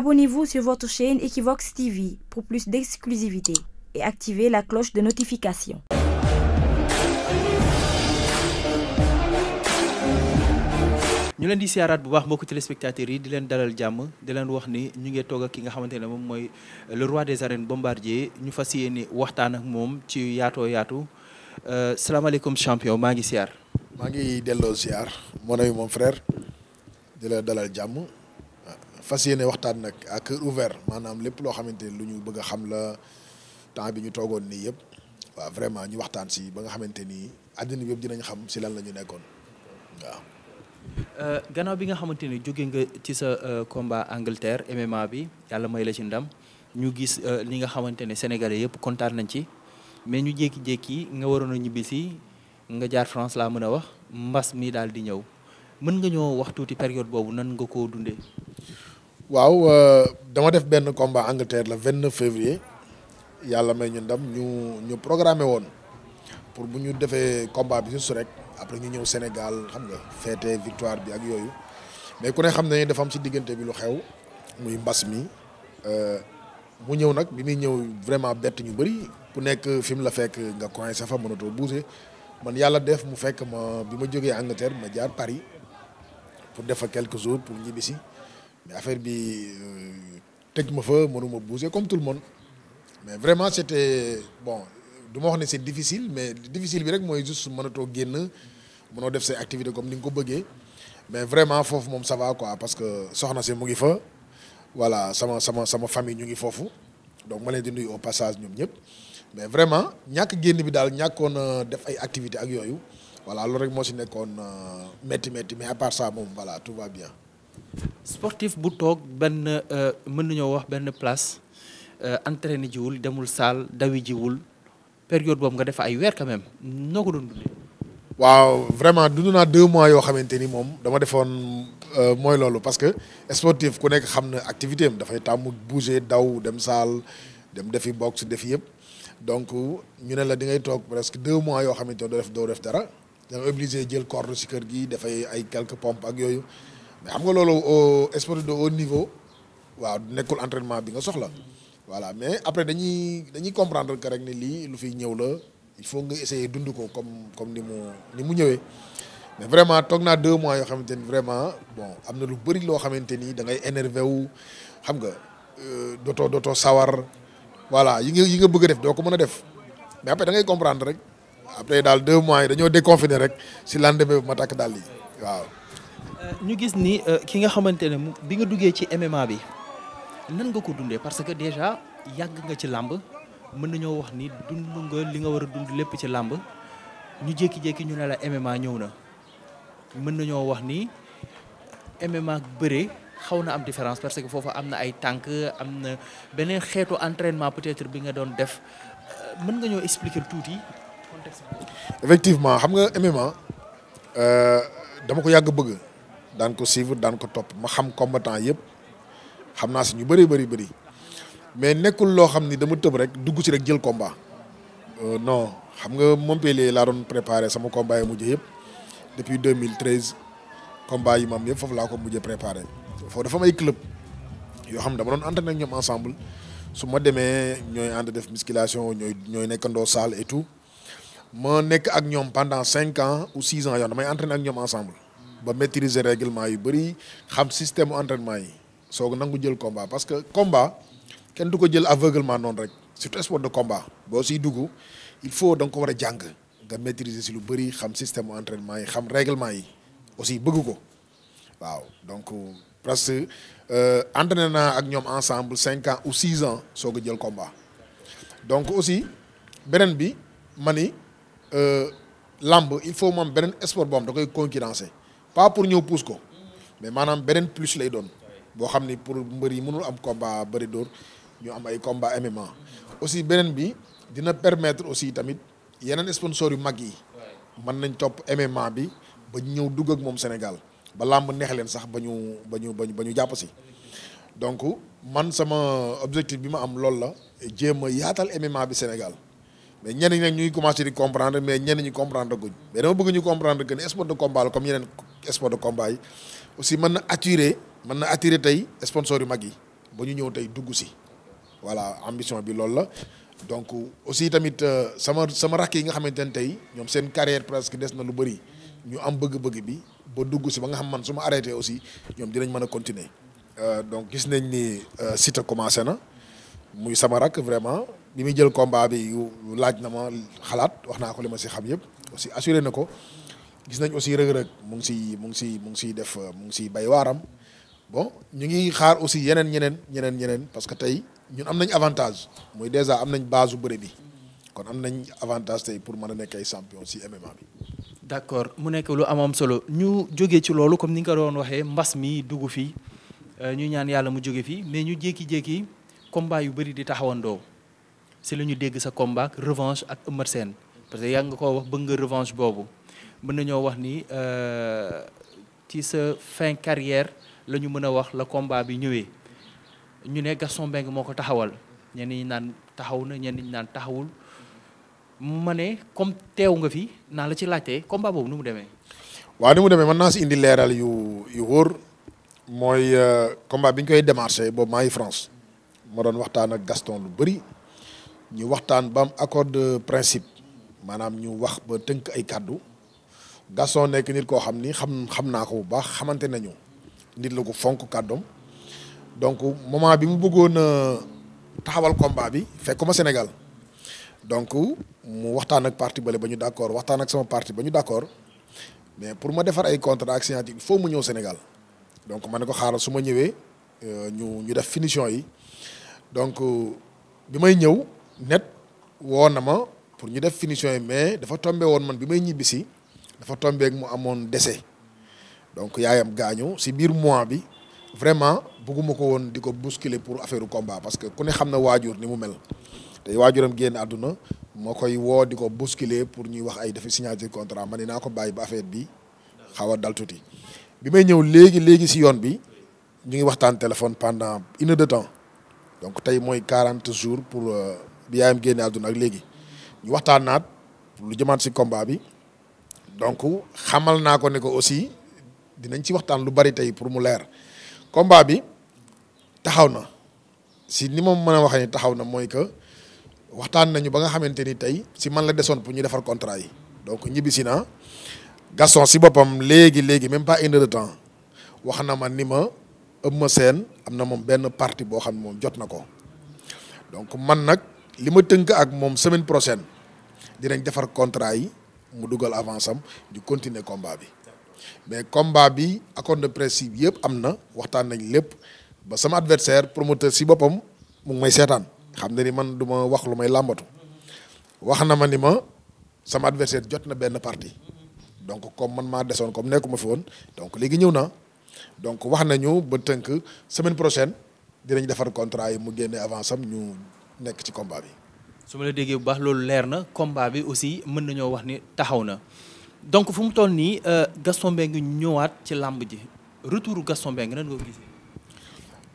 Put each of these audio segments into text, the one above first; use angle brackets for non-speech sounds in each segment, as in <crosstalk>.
Abonnez-vous sur votre chaîne Equivox TV pour plus d'exclusivité et activez la cloche de ñu leen di siyaaraat bu baax mbokku téléspectateurs yi di leen dalal jàmm di leen wax ni ñu ngi toog ak ki nga xamante ne moom mooy le roi des arènes bombardier ñu fas yéene waxtaan ak moom ci yaatoo yaatu euh, salaamaaleykum champion maa ngi siyaar. maa ngi delloo siyaar mon ami mon frère di la dalal jàmm. fas yéene waxtaan nag ak cœur ouvert maanaam lépp loo xamante ni lu ñu bëgg a xam la temps bi ñu toogoon nii yëpp waaw vraiment ñu waxtaan si ba nga xamante nii àddina bi yëpp dinañ xam si lan la ñu nekkoon waaw. Euh, gannaaw bi nga xamante ni jóge nga ci sa euh, combat Angleterre MMA bi yàlla may la ci ndam ñu gis euh, li nga xamante ne sénégalais yëpp kontaan nañ ci mais ñu jékki-jékki nga waroon a ñibbisi nga jaar France laa mën a wax mbas mi daal di ñëw mën nga ñoo wax tuuti période boobu nan nga koo dundee. waaw euh, dama def benn combat Angleterre la vingt neuf février yàlla may ñu ndam ñu ñu programme woon pour bu ñu defee combat bi juste rek après ñu ñëw Sénégal xam nga fête victoire bi ak yooyu mais ku ne xam ne dafa si diggante bi lu xew muy mbas mi euh, mu ñëw nag bi muy ñëw vraiment bett ñu bëri ku nekk fi mu la fekk nga coincé fa mënatoo bouger man yàlla def mu fekk ma bi ma jógee Angleterre ma jaar Paris pour def fa quelques jours pour ñibbisi mais affaire bi euh, tëj ma fa mënuma bouger comme tout le monde mais vraiment c'était bon du ma wax ne c'est difficile mais difficile bi rek mooy juste mënatoo génn mënoo def say activité comme ni nga ko bëggee mais vraiment foofu moom ça va parce que soxna si mu ngi fa voilà sama sama sama famille ñu ngi foofu donc ma leen di nuyu au ñoom ñëpp mais vraiment ñàkk génn bi daal ñàkkoon def ay activité ak yooyu voilà loolu rek moo si nekkoon euh, métti métti mais ça moom voilà tout va sportif bu toog benn euh, mën nañoo wax benn place euh, entraîné jiwul demul saal dawi jiwul période boobu nga def ay weer quand noo ko doon dundee. waaw vraiment dund naa deux mois yoo xamante ni moom dama defoon euh, mooy loolu parce que sportif ku nekk xam na activité am dafay tàmm bouger daw dem saal dem defi boxe defi yëpp donc ñu ne la di ngay toog presque deux mois yoo xamante ni doo def doo def dara da nga jël corde ci kër gi dafay ay quelques pompes ak yooyu. mais xam nga loolu sport de haut niveau waaw nekkul entraînement bi nga soxla voilà mais après dañuy dañuy comprendre que rek ne lii lu fiy ñëw la il faut nga essayer dund ko comme comme ni mu ni mu ñëwee mais vraiment toog naa deux mois yoo xamante ni vraiment bon am na lu bëri loo xamante ni da ngay énervé wu xam nga euh, dootoo dootoo sawar voilà yi nga yi nga bëgg a def doo ko mën a def mais après da ngay comprendre rek après daal deux mois yi dañoo déconfiné rek si lendemain bi ma takk daal yi waaw. ñu gis ni euh, ki nga xamante ne bi nga duggee ci MMA bi nan nga ko dundee parce que déjà yàgg nga ci làmb mën nañoo wax ni dund nga li nga war a dund lépp ci làmb ñu jékki-jékki ñu ne la MMA ñëw na mën nañoo wax ni MMA ak bëre xaw na am différence parce que foofu am na ay tànk am na beneen xeetu entraînement peut-être bi nga doon def euh, mën nga ñoo expliquer tuuti effectivement xam nga MMA euh, dama ko yàgg bëgg. daan ko suivre daan ko topp ma xam combattant yëpp xam naa si ñu bëri bëri bëri mais nekkul loo xam ni dama tëb rek dugg si rek jël combat euh, non xam nga Montpellier laa doon préparé sama combat mujj yëpp depuis 2013 combat yi ma yëpp foofu laa ko mujjee préparé foofu dafa may ay club yoo xam dama doon entraîné ak ñoom ensemble su ma demee ñooy ànd def musculation ñooy ñooy nekkandoo salle et ma nekk ak ñoom pendant cinq ans ou six ans yoon damay entraîné ak ñoom ensemble. ba maîtriser règlement yu bëri xam système entraînement yi soog nangu jël combat parce que combat kenn du ko jël aveuglement noonu rek surtout sport de combat boo si dugg il faut danga ko war a jàng nga maîtriser si lu bëri xam système entraînement yi xam réglement yi aussi bëgg ko waaw donc presque que euh, entraîné naa ak ñoom ensemble cinq ans ou six ans soog a jël combat donc aussi beneen bi ma ni euh, làmb il faut moom beneen sport boo xam da koy concurrencer pas pour ñëw puus ko mais maanaam beneen plus lay doon boo xam ni pour mbër yi mënul am combat bëri dóor ñu am ay combat MMA aussi beneen bi dina permettre aussi tamit yeneen sponsor yu mag yi mën nañ topp MMA bi ba ñëw dugg ak moom Sénégal ba làmb neex leen sax ba ñu ba ñu ba ñu jàpp si donc man sama objectif bi ma am lool la jéem a yaatal MMA bi Sénégal mais ñenn ñi nag ñuy commencé di comprendre mais ñenn ñi comprendre guñ mais dama bëgg ñu comprendre que sport de combat yi aussi mën na attirer mën na attirer tey sponsor yu mag yi ba ñu ñëw tey dugg si voilà ambition bi loolu la donc aussi tamit euh, sama sama rakk yi nga xamante ne tey ñoom seen carrière presque des na lu bëri ñu am bëgg-bëgg bi ba dugg si ba nga xam man su ma arrêté aussi ñoom dinañ mën a continuer euh, donc gis nañ ni euh, site commencé na muy sama rakk vraiment bi muy jël combat bi laaj na ma xalaat wax naa ko li ma si xam yëpp aussi assuré na ko gis nañ aussi rëg-rëg mu ngi siy mu ngi siy mu ngi siy def euh, mu ngi siy bay waaram bon ñu ngi xaar aussi yeneen ñeneen ñeneen ñeneen parce que tey ñun am nañ avantage mooy déjà am nañ base yu bëre bi kon am nañ avantage tey pour mën a nekk ay champion si MMA bi. d'accord mu nekk lu am solo ñu jóge ci loolu comme ni nga ko doon waxee mbas mi dugg fii euh, ñu ñaan yàlla mu jóge fii mais ñu jékki-jékki combat yu bëri di taxawandoo si lañu dégg sa combat revanche ak Eumeu Sène parce que yaa nga ko wax bëgg nga boobu. mën nañoo wax ni euh, ci sa fin carrière la ñu mën a wax la combat bi ñëwee ñu ne Gaston Mbengue moo ko taxawal ñenn ñi naan taxaw na ñenn ñi naan taxawul ma ne comme teew nga fi naa la ci laajte combat boobu nu mu demee. waa ni mu demee man naa si indi leeral yu yu wóor mooy euh, combat bi ñu koy démarché boobu maa France ma doon waxtaan ak Gaston lu bëri ñu waxtaan ba am de principe maanaam ñu wax ba tënk ay kàddu. Gaston nekk nit koo xam ni xam xam naa ko bu baax xamante nañu nit la ko fonk kàddoom donc moment bi mu bëggoon taxawal combat bi ma Sénégal donc mu waxtaan ak parti bële ba ñu d'accord waxtaan ak sama parti ba ñu d'accord mais pour ma defar ay contrat ak signature il faut mu ñëw Sénégal donc ma ne ko xaaral su ma ñëwee euh, ñu ñu def finition yi donc euh, bi may ñëw net woo na ma pour ñu def finition yi mais dafa tombé woon man bi may ñibbisi dafa tombeek mu amoon décès donc yaayam gaañu si biir mois bi vraiment bëgguma ko woon di ko bousculer pour affaire combat parce que ku ne xam na waajur ni mu mel te waajuram génn àdduna moo koy woo di ko bousculer pour ñuy wax ay dafa signature contrat ma ne naa ko bàyyi ba affaire bi xaw dal tuuti bi may ñëw léegi léegi si yoon bi ñu ngi waxtaan téléphone pendant une de temps donc tey mooy quarante jours pour euh, bi yaayam génne àdduna ak léegi ñu waxtaan lu jëmaat si combat bi donc xamal naa ko ne ko aussi dinañ ci waxtaan lu bari tey pour mu leer combat bi taxaw na si ni ma mën a waxee ni taxaw na mooy que waxtaan nañu ba nga xamante ni tey si man la desoon pour ñu defar contrat yi donc ñibbisi naa Gaston si boppam léegi léegi même pas une heure de temps wax na ma ni ma Eumeu Sène am na moom benn partie boo xam ne moom jot na ko donc man nag li ma tënk ak moom semaine prochaine dinañ defar contrat yi. mu dugal avance am ñu continuer combat bi mais combat bi accord de principe yëpp am na waxtaan nañ lépp ba sama adversaire promoteur si boppam mu ngi may seetaan xam ne ni man du ma wax lu may làmbatu wax na ma ni ma sama adversaire jot na benn partie donc comme man maa desoon comme nekkuma fi woon donc léegi ñëw naa donc wax nañu ba tënk semaine prochaine dinañ defar contrat yi mu génne avance am ñu nekk ci combat bi su ma ne déggee bu baax loolu leer na combat bi aussi mën nañoo wax ni taxaw na donc fu mu toll nii euh, Gaston Mbengue ñëwaat ci làmb ji retour Gaston Mbengue nan nga ko gisee.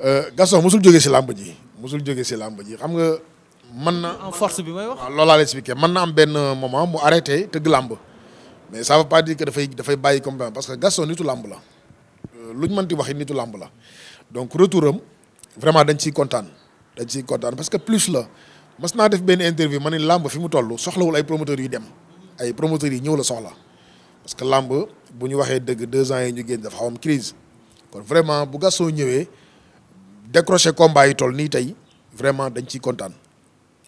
Euh, Gaston mosul jógee si làmb ji mosul jógee si làmb ji xam nga. mën na en force bi may wax waaw loolaa la mën na am benn moment mu arrêté tëgg làmb mais ça veut pas dire dafay bàyyi combat parce que Gaston nitu làmb la euh, lu ñu mën di wax nitu làmb la donc retour am vraiment dañ ciy kontaan dañ ciy kontaan parce que plus la. mas naa def benn interview ma ne làmb fi mu tollu soxlawul ay promoteurs yu dem ay promoteurs yi ñëw la soxla parce que làmb bu ñu waxee dëgg deux ans yi ñu génn dafa xaw am crise kon vraiment bu Gaston ñëwee décroché combat yi toll nii tey vraiment dañ ciy kontaan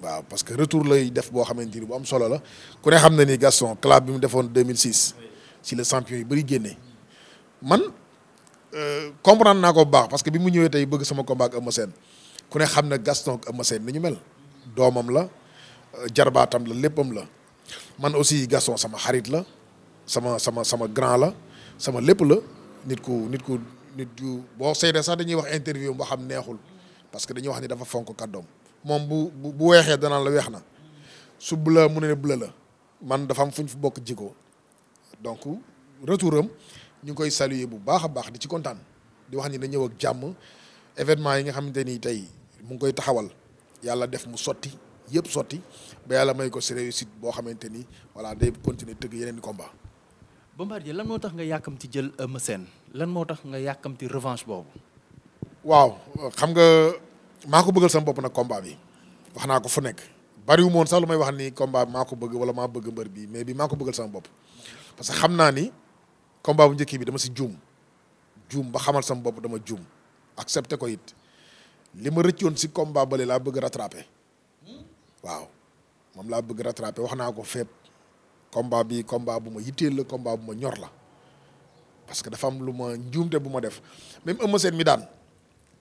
waaw parce que retour lay def boo xamante ni bu am solo la ku ne xam na ni Gaston club bi mu defoon 2006 si le champion yi bëri génnee man euh, comprendre naa ko bu baax parce que bi mu ñëwee tey bëgg sama combat ak Eumeu ne xam na Gaston ak Eumeu Sène mel. doomam la euh, jarbaatam la léppam la man aussi Gaston sama xarit la sama sama sama grand la sama lépp la nit ku nit ku nit ku boo seetee sax dañuy wax interview boo xam neexul parce que dañuy wax ni dafa fonk kaddoom moom bu bu weexee danaan la weex na su bula mu ne bula la man dafa am fu ñu fi bokk jikko donc retour am ñu ngi koy saluer bu baax a baax di ci kontaan di wax ni na ñëw jàmm événement yi nga xamante ni tey mu ngi koy taxawal yàlla def mu sotti yëpp sotti ba yàlla may ko si réussite boo xamante ni voilà day continuer tëgg yeneen ba combat Bombardier lan moo tax nga yàkkamti jël Eumeu Sène lan moo tax nga yàkkamti revanche boobu waaw xam nga maa ko bëggal sama bopp nag combat bi wax naa ko fu nekk bariwu moon sax lu may wax ni combat bi maa ko bëgg wala maa bëgg mbër bi mais bi maa ko bëggal sama bopp parce que xam naa ni combat bu njëkk bi dama si juum juum ba xamal sama bopp dama juum accepté ko it li ma rëccoon si combat bale laa bëgg rattrapé waaw moom laa bëgg rattrapé wax naa ko fépp combat bi combat bu ma yitteel la combat bu ma ñor la parce que dafa am lu ma njuumte bu ma def même Eumeu Sène mi daan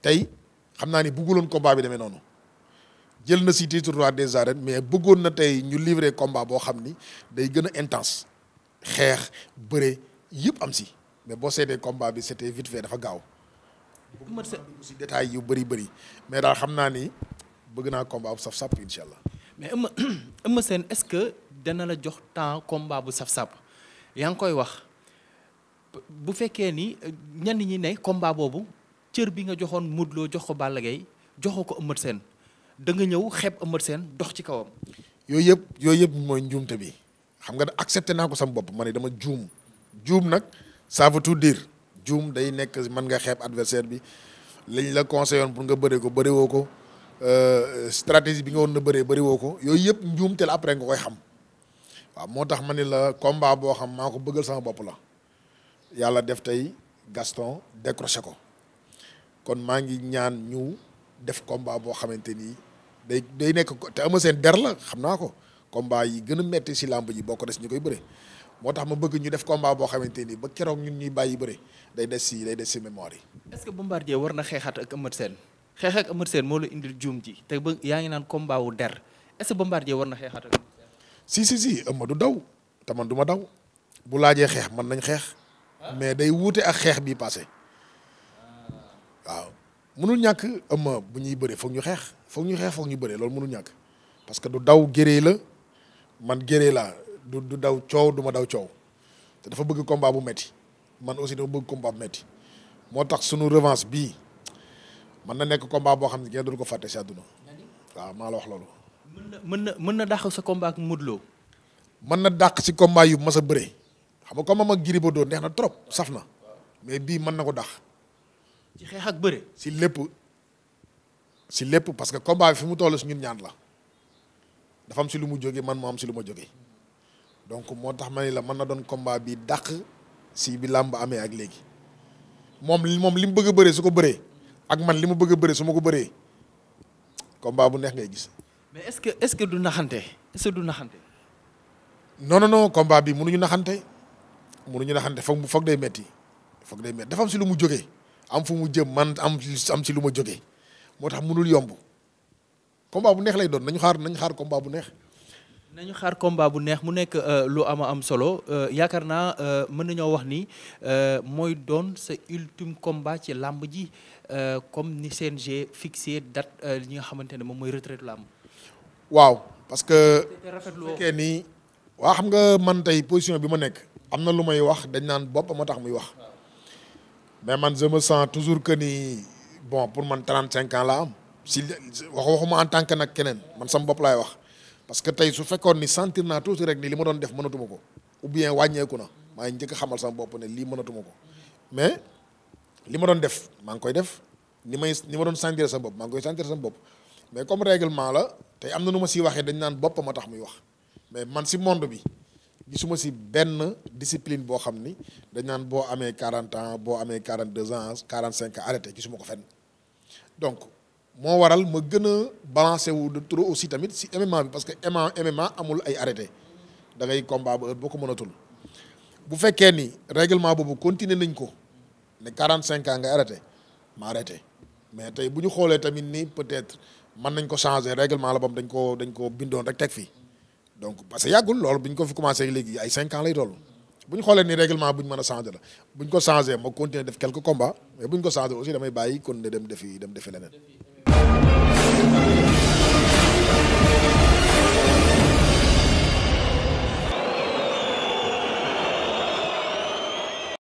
tey xam naa ni bugguloon combat bi demee noonu jël na si titre roi des arènes mais bëggoon na tey ñu livrer combat boo xam ni day gën a intense xeex bëre yëpp am si mais boo seetee combat bi c'était vite fait dafa gaaw ma se si détails yu bëri bëri mais daal xam naa ni bëgg naa combat bu saf-saf incha allah. mais Eumeu <clears throat> Eumeu Sène est-ce que dana la jox temps combat bu saf sap yaa ngi koy wax bu fekkee ni euh, ñenn ñi ne combat boobu cër bi nga joxoon Modou Lo jox ko Balla Gaye joxoo ko Eumeu Sène da nga ñëw xeeb Eumeu seen dox ci kawam. yooyu yëpp yooyu yëpp mooy njuumte bi xam nga ne accepté naa ko sam bopp ma ne dama juum juum nag ça veut tout dire. juum day nekk man nga xeeb adversaire bi liñ la conseillé woon pour nga bëree ko bëri woo ko euh, stratégie bi nga won na bëree bëri woo ko yooyu yëpp njuum te la après nga koy xam waaw moo tax ma ne la combat boo xam maa ko bëggal sama bopp la yàlla def tey Gaston décroché ko kon maa ngi ñaan ñu def combat boo xamante ni day day nekk te ama seen der la xam naa ko combat yi gën a metti si làmb ji boo ko des ñu koy bëre moo tax ma bëgg ñu def combat boo xamante ni ba keroog ñu ñuy bàyyi bëre day des si day des si mémoire yi. est-ce que Bombardier war na xeexaat ak Eumeu Sène xeex ak Eumeu moo la indil juum ji te ba yaa ngi naan combat wu der que Bombardier war na xeexaat ak. si si si Eumeu du daw te man du ma daw bu laajee xeex man nañ xeex. Ah. mais day wuute ak xeex bii passé ah. waaw. mënul ñàkk Eumeu bu ñuy bëree foog ñu xeex foog ñu xeex foog ñu bëre loolu mënul ñàkk parce que du daw géree la man géree laa. du daw coow du ma daw coow te dafa bëgg combat bu metti man aussi dafa bëgg combat bu metti moo tax sunu revanche bii mën na nekk combat boo xam ne kenn du ko fàtte si àdduna waaw la wax loolu. mën na mën na dàq sa combat ak mën na dàq si combat yu mas a bëre xam nga comme am ak na trop saf mais bii mën na ko dàq. ci xeex si lépp si lépp parce que combat fi mu toll si ñun ñaan la dafa am si lu mu jógee man moo am si lu ma jógee. donc moo tax ma la mën na doon combat bi dàq si bi làmb amee ak léegi moom moom li mu bëgg a bëree su ko bëree ak man li mu bëgg a bëree su ma ko bëree combat bu neex ngay gis. mais est-ce que est-ce que du naxante est-ce que du naxante. non non non combat bi mënuñu naxante mënuñu naxante foog foog day metti foog day metti dafa am si lu mu jógee am fu mu jëm man am am si lu ma jógee moo tax mënul yomb combat bu neex lay doon nañu xaar nañu xaar combat bu neex. nañu xaar combat bu neex mu nekk euh, lu ama am solo euh, yaakaar naa euh, mën nañoo wax ni mooy doon sa ultime combat ci làmb ji comme ni CNG fixé date li nga xamante ne moom mooy retraite làmb waaw parce que fekkee nii waa xam nga man tey position bi ma nekk am na lu may wax dañ naan bopp moo tax muy wax mais man je me toujours que ni bon pour man trente cinq ans laa am si wax waxuma en tant que nag keneen man sam bopp laay wax parce que tey su fekkoon ni sentir naa tuuti rek ni li ma doon def mënatuma ko ou bien wàññeeku na maa njëkk xamal sama bopp ne lii mënatuma ko mais li ma doon def maa ngi koy def ni may ni ma doon sentir sama bopp maa ngi koy sentir sama bopp mais comme réglement la tey am na nu ma si waxee dañ naan bopp ma tax muy wax mais man si monde bi gisuma si benn discipline boo xam ni dañ naan boo amee quarante ans boo amee 42 ans 45 ans arrêté gisuma ko fenn donc. moo waral ma gën a balancé wu de trop aussi tamit si MMA bi parce que MMA MMA amul ay arrêté da combat ba heure boo ko mënatul bu fekkee ni règlement boobu continuer nañ ko ne 45 ans nga arrêté ma arrêté mais tey bu ñu xoolee tamit ni peut-être mën nañ ko changer règlement la bam dañ ko dañ ko bindoon rek teg fii donc parce que yàggul loolu bu ñu ko fi commencé léegi ay 5 ans lay toll bu ñu xoolee ni règlement bu ñu mën a changer la bu ñu ko changer ma continuer def quelques combats mais bu ñu ko changer aussi damay bàyyi dem defi dem defi leneen.